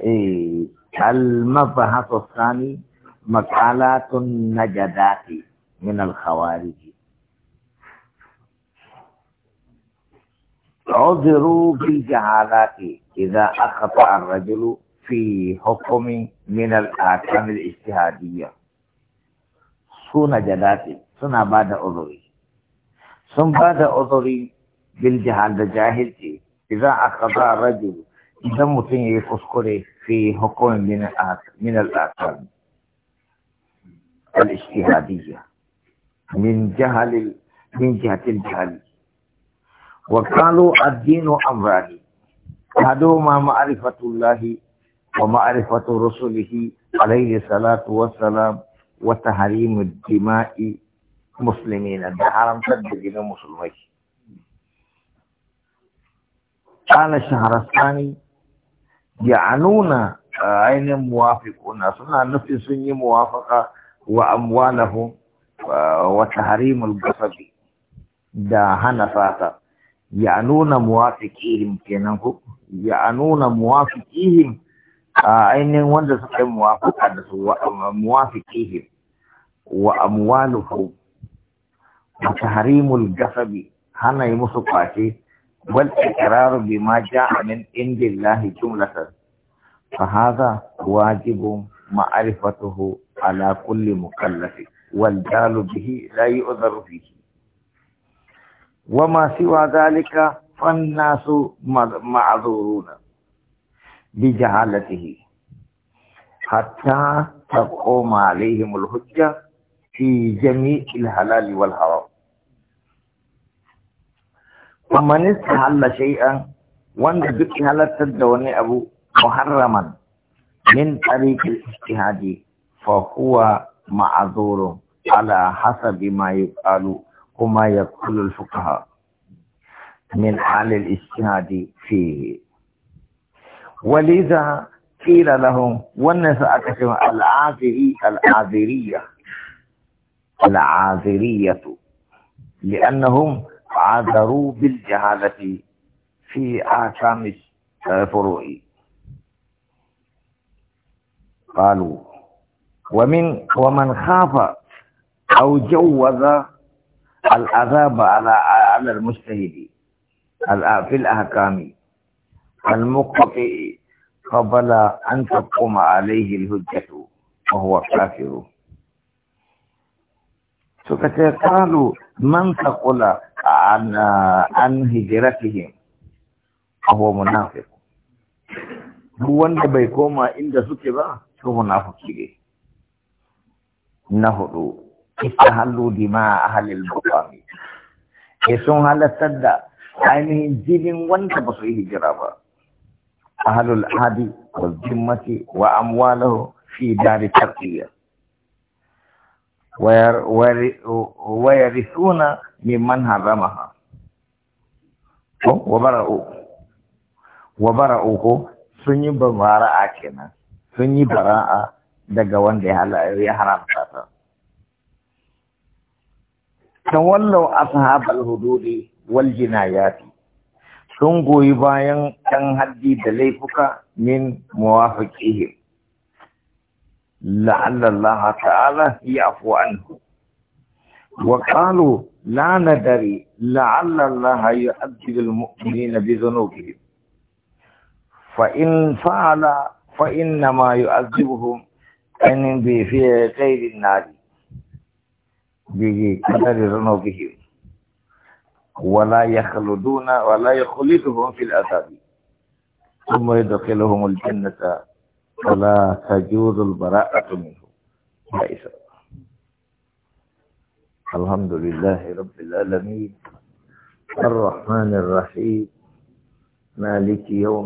إيه، المبحث الثاني مقالات النجدات من الخوارج عذروا بالجهالات إذا أخطأ الرجل في حكم من الاحكام الاجتهادية سون جداتي سنا بعد عذري سن بعد عذري بالجهال جاهلتي إذا أخطأ الرجل idan mutum ya yi kuskure fi hukumin min al'akar al-ishtihadiyya min jahalil min jihatil jahali wa qalu ad-dinu amrani hadu ma ma'rifatullahi wa ma'rifatu rusulihi alayhi salatu wassalam wa tahrimu ad-dima'i muslimina da haramtar da jinin musulmai قال الشهر الثاني nuna ainihin muwafiquna suna nufin sun yi muwafaka wa amwalahum wa tahrimul gasabi da hana fata ya'anuna muwafiqihim kenan ku. ya ya'anuna muwafiqihim ainihin wanda suka yi muwafaka da su muwafiqihim wa amwaluhum wa tahrimul gasabi hana yi musu kwace والإقرار بما جاء من عند الله جملة فهذا واجب معرفته على كل مكلف والجال به لا يؤذر فيه وما سوى ذلك فالناس معذورون بجهالته حتى تقوم عليهم الحجة في جميع الحلال والحرام ومن استحل شيئا وان دبك هل تدوني ابو محرما من طريق الاجتهاد فهو معذور على حسب ما يقال وما يقول الفقهاء من حال الاجتهاد فيه ولذا قيل لهم والنساء كثيرا العاذري العاذرية العاذرية لأنهم عذروا بالجهالة في آثام الفروع قالوا ومن ومن خاف أو جوز العذاب على على المجتهد في الأحكام المقطع قبل أن تقوم عليه الهجة وهو كافر suka ce kalu man taqula an an hijratihim ahuwa duk wanda bai koma inda suke ba to munafiki ne na hudu ma dima halin bukwami ke eh, sun halattar da ainihin jinin wanda ba su yi hijira ba A ahlul hadi wa jimmati wa amwalahu fi dari tarqiyya ويرثون haramaha حرمها وبرأوا وبرأوه sun yi bara'a kenan sun yi bara'a daga wanda ya haramta ta tawallau ashabal hududi wal jinayati sun goyi bayan kan haddi da laifuka min muwafiqihim لعل الله تعالى يعفو عنه وقالوا لا ندري لعل الله يعذب المؤمنين بذنوبهم فإن فعل فإنما يعذبهم أن في غير النار بقدر ذنوبهم ولا يخلدون ولا يخلدهم في العذاب ثم يدخلهم الجنة فلا تجوز البراءة منه ليس الحمد لله رب العالمين الرحمن الرحيم مالك يوم